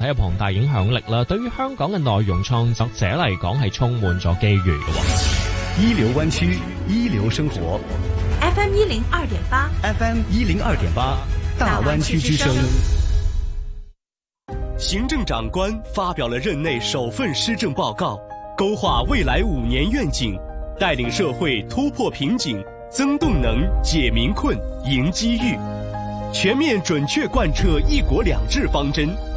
喺有龐大影響力啦，對於香港嘅內容創作者嚟講係充滿咗機遇嘅。一流灣區，一流生活。FM 一零二點八。FM 一零二點八，大灣區之聲。行政長官發表了任內首份施政報告，勾畫未來五年願景，帶領社會突破瓶頸，增動能，解民困，迎機遇，全面準確貫徹一國兩制方針。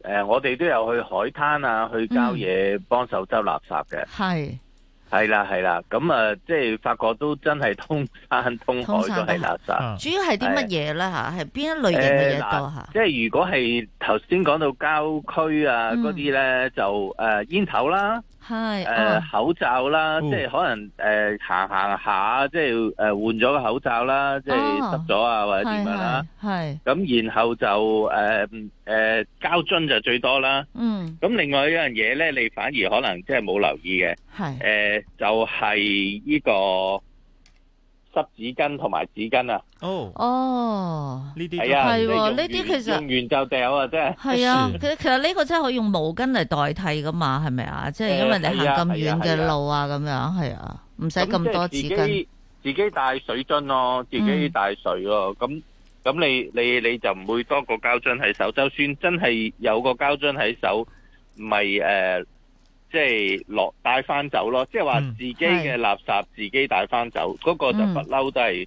誒、呃，我哋都有去海灘啊，去郊野幫手執垃圾嘅。係係啦，係啦。咁啊、呃，即係發覺都真係通山通海都係垃圾。嗯、主要係啲乜嘢咧？吓，係邊一類型嘅嘢多吓？即係如果係頭先講到郊區啊，嗰啲咧就誒煙、呃、頭啦。係、啊，誒、呃、口罩啦，嗯、即係可能誒、呃、行行下，即係誒換咗個口罩啦，即係濕咗啊，就是、啊或者點樣啊，係，咁然後就誒誒膠樽就最多啦，嗯，咁另外一樣嘢咧，你反而可能即係冇留意嘅，係，誒、呃、就係、是、呢、這個。濕紙巾同埋紙巾啊！哦哦，呢啲係啊，呢啲其實用完就掉啊，真係係啊。其實其實呢個真係可以用毛巾嚟代替噶嘛，係咪啊？即係因為你行咁遠嘅路啊，咁樣係啊，唔使咁多紙巾。自己帶水樽咯，自己帶水咯。咁咁你你你就唔會多個膠樽喺手。就算真係有個膠樽喺手，唔係誒。即係落帶翻走咯，即係話自己嘅垃圾自己帶翻走，嗰、嗯嗰個就不嬲都係。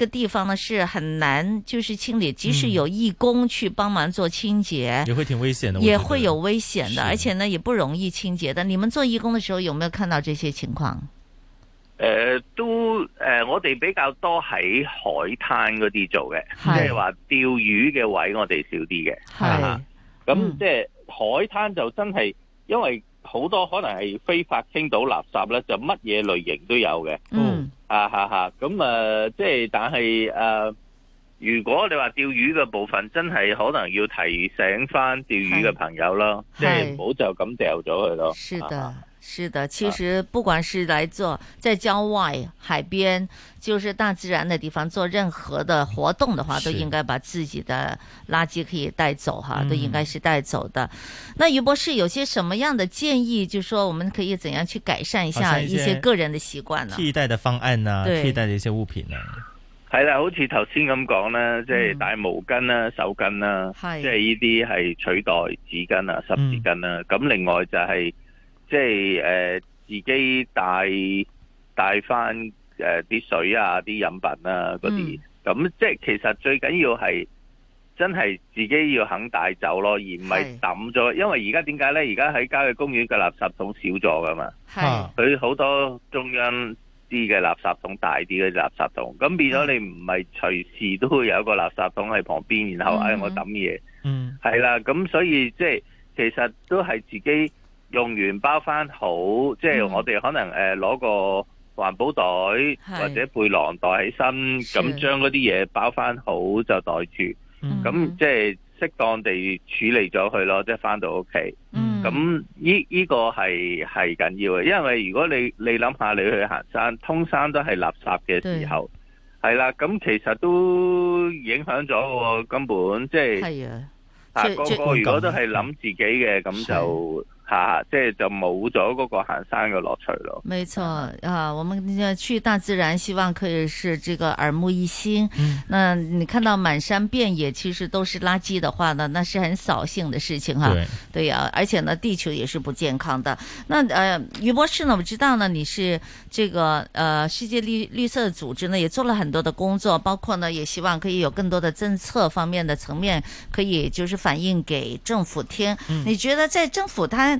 這個地方呢是很難，就是清理。即使有義工去幫忙做清潔，嗯、也會挺危險的，也會有危險的，的而且呢也不容易清潔的。但你們做義工的時候有沒有看到這些情況？誒、呃，都誒、呃，我哋比較多喺海灘嗰啲做嘅，即係話釣魚嘅位我哋少啲嘅。係，咁、嗯、即係海灘就真係因為。好多可能係非法傾倒垃圾咧，就乜嘢類型都有嘅。嗯，啊哈哈咁啊，即係但係誒、啊，如果你話釣魚嘅部分，真係可能要提醒翻釣魚嘅朋友咯，即係唔好就咁、是、掉咗佢咯。是是的，其實不管是來做在郊外、海邊，就是大自然的地方做任何的活動的話，都應該把自己的垃圾可以帶走哈、嗯，都應該是帶走的。那余博士有些什麼樣的建議？就是、說我們可以怎樣去改善一下一些個人的習慣呢？替代的方案呢、啊？替代的一些物品呢、啊？係啦，好似頭先咁講咧，即、就、係、是、帶毛巾啊、手巾啦、啊，即係呢啲係取代紙巾啊、濕紙巾啊。咁、嗯、另外就係、是。即係誒、呃，自己帶帶翻誒啲水啊，啲飲品啊嗰啲。咁、嗯、即係其實最緊要係真係自己要肯帶走咯，而唔係抌咗。因為而家點解咧？而家喺郊野公園嘅垃圾桶少咗噶嘛。係。佢好多中央啲嘅垃圾桶大啲嘅垃圾桶，咁變咗你唔係隨時都會有一個垃圾桶喺旁邊，然後誒、嗯嗯哎、我抌嘢。嗯。係啦，咁所以即係其實都係自己。用完包翻好，即係我哋可能誒攞、呃、個環保袋、mm -hmm. 或者背囊袋起身，咁將嗰啲嘢包翻好就袋住，咁、mm -hmm. 即係適當地處理咗佢咯，即係翻到屋企。咁呢呢個係係緊要嘅，因為如果你你諗下你去行山，通山都係垃圾嘅時候，係啦，咁其實都影響咗喎、哦，根本即係。係啊，個個如果都係諗自己嘅咁就。啊，即係就冇咗嗰個行山嘅樂趣咯。沒錯啊，我們去大自然，希望可以是這個耳目一新。嗯，那你看到滿山遍野其實都是垃圾的話呢，那是很掃興的事情哈，啊。對，對啊，而且呢，地球也是不健康的。那，呃，余博士呢，我知道呢，你是這個，呃，世界綠綠色組織呢，也做了很多的工作，包括呢，也希望可以有更多的政策方面的層面，可以就是反映給政府聽。嗯，你覺得在政府，他？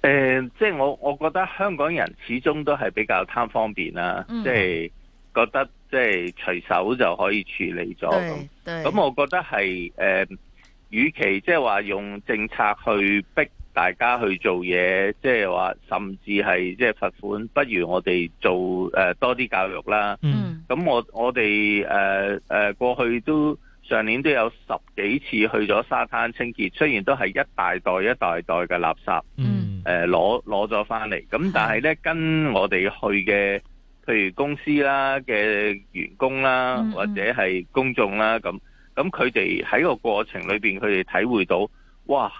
誒、呃，即係我我覺得香港人始終都係比較貪方便啦、啊，即、嗯、係、就是、覺得即係、就是、隨手就可以處理咗咁。咁、嗯、我覺得係誒、呃，與其即係話用政策去逼大家去做嘢，即係話甚至係即係罰款，不如我哋做誒、呃、多啲教育啦。嗯，咁我我哋誒誒過去都上年都有十幾次去咗沙灘清潔，雖然都係一大袋一大袋嘅垃圾。嗯。誒、呃，攞攞咗翻嚟，咁但係呢，跟我哋去嘅，譬如公司啦嘅員工啦，嗯、或者係公眾啦，咁咁佢哋喺個過程裏邊，佢哋體會到，哇，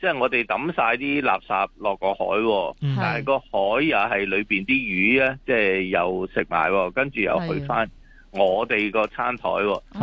即係我哋抌晒啲垃圾落個海，但係個海又係裏邊啲魚呀，即係又食埋，跟住又去翻我哋個餐台，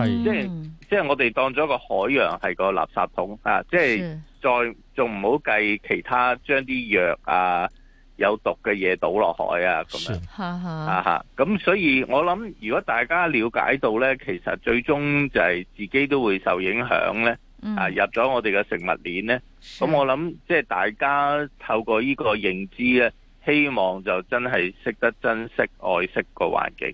即係即係我哋當咗個海洋係個垃圾桶啊，即係。再仲唔好計其他藥，啊，將啲藥啊有毒嘅嘢，倒落海啊咁樣，啊哈，咁、啊、所以我諗，如果大家了解到呢，其實最終就係自己都會受影響呢，嗯、啊入咗我哋嘅食物鏈呢。咁我諗即係大家透過呢個認知呢、啊，希望就真係識得珍惜愛惜個環境。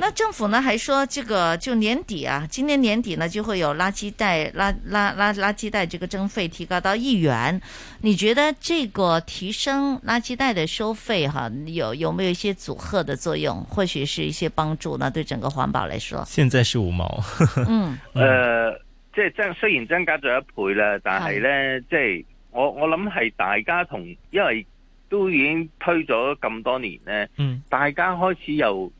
那政府呢，還說這個就年底啊，今年年底呢就會有垃圾袋垃圾袋這個徵費提高到一元。你覺得這個提升垃圾袋的收費，哈，有有沒有一些阻嚇的作用，或許是一些幫助呢？對整個環保來說，現在是五毛。 嗯，呃，即係增雖然增加咗一倍啦，但係咧，即係我我諗係大家同因為都已經推咗咁多年咧，嗯，大家開始又。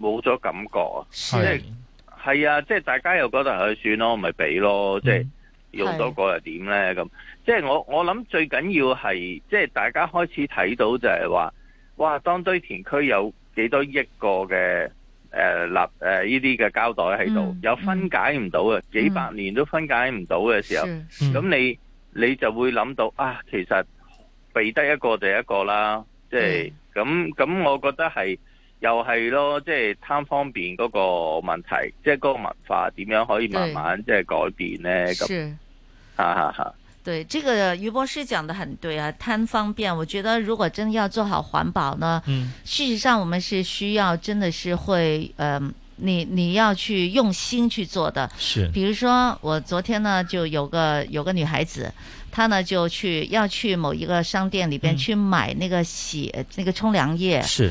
冇咗感覺，是即係係啊！即係大家又覺得去算咯，咪俾咯！即係用到過又點咧？咁即係我我諗最緊要係即係大家開始睇到就係話，哇！當堆填區有幾多億個嘅誒垃誒呢啲嘅膠袋喺度，又、嗯、分解唔到嘅，幾百年都分解唔到嘅時候，咁你你就會諗到啊！其實避得一個就一個啦，即係咁咁，嗯、我覺得係。又係咯，即係貪方便嗰個問題，即係嗰個文化點樣可以慢慢即係改變呢？咁。哈哈哈。對，這個余博士講得很對啊，貪方便。我覺得如果真的要做好環保呢，嗯，事實上我們是需要，真的是會，呃、你你要去用心去做的。是。比如說我昨天呢就有個有個女孩子，她呢就去要去某一個商店裏邊、嗯、去買那個洗那個沖涼液。是。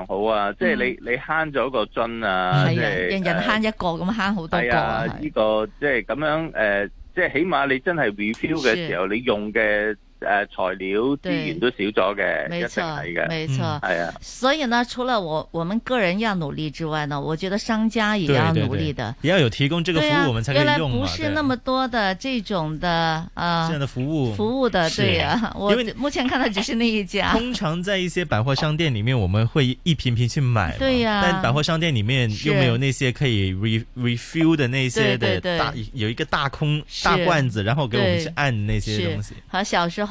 好啊，即係你、嗯、你慳咗個樽啊，係、就是、啊，人人慳一個咁慳好多啊，呢、哎這個即係咁樣誒，即係、呃、起碼你真係 review 嘅時候，是是你用嘅。呃、啊、材料資源都少咗嘅，一齊睇嘅，啊、嗯。所以呢，除了我，我們個人要努力之外呢，我覺得商家也要努力的。也要有提供這個服務、啊、我們才可以用啊。原來不是那麼多的這種的啊，這樣的服務服務的，對啊。我因為目前看到只是那一家。通常在一些百貨商店裏面，我們會一瓶瓶去買。對啊。但百貨商店裏面又沒有那些可以 re refill 的那些的對對對對大有一個大空大罐子，然後給我們去按那些東西。好、啊，小時候。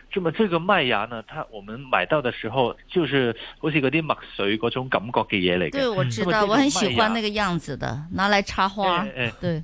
咁麼這個麥芽呢，它，我們買到的時候，就是好似嗰啲麥穗嗰種感覺嘅嘢嚟嘅。對，我知道，嗯我，我很喜歡那個樣子的，拿來插花，哎哎哎對。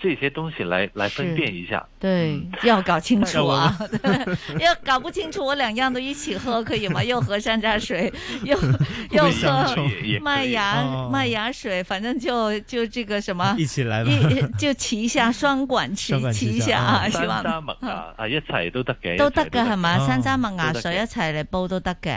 這些東西來來分辨一下，對、嗯，要搞清楚啊，要， 要搞不清楚我 兩樣都一起喝可以嗎？又喝山楂水， 又又喝麥芽， 麥，芽水 麥芽水，反正就就這個什麼一起來吧，一就起一下雙管齊齊一下， 啊是啊、都都都是山楂麥啊，啊，一齊都得嘅，哦、都得嘅係嘛？山楂麥芽水一齊嚟煲都得嘅。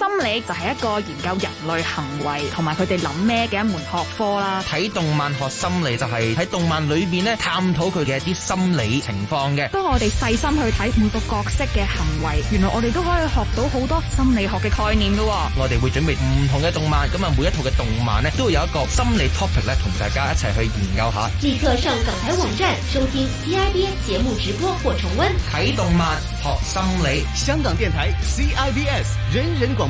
心理就係一個研究人類行為同埋佢哋諗咩嘅一門學科啦。睇動漫學心理就係、是、喺動漫裏邊咧探討佢嘅一啲心理情況嘅。當我哋細心去睇每個角色嘅行為，原來我哋都可以學到好多心理學嘅概念嘅、哦。我哋會準備唔同嘅動漫，咁啊每一套嘅動漫咧都會有一個心理 topic 咧同大家一齊去研究下。立刻上港台網站收聽 CIBS 節目直播或重溫。睇動漫學心理，香港電台 CIBS，人人廣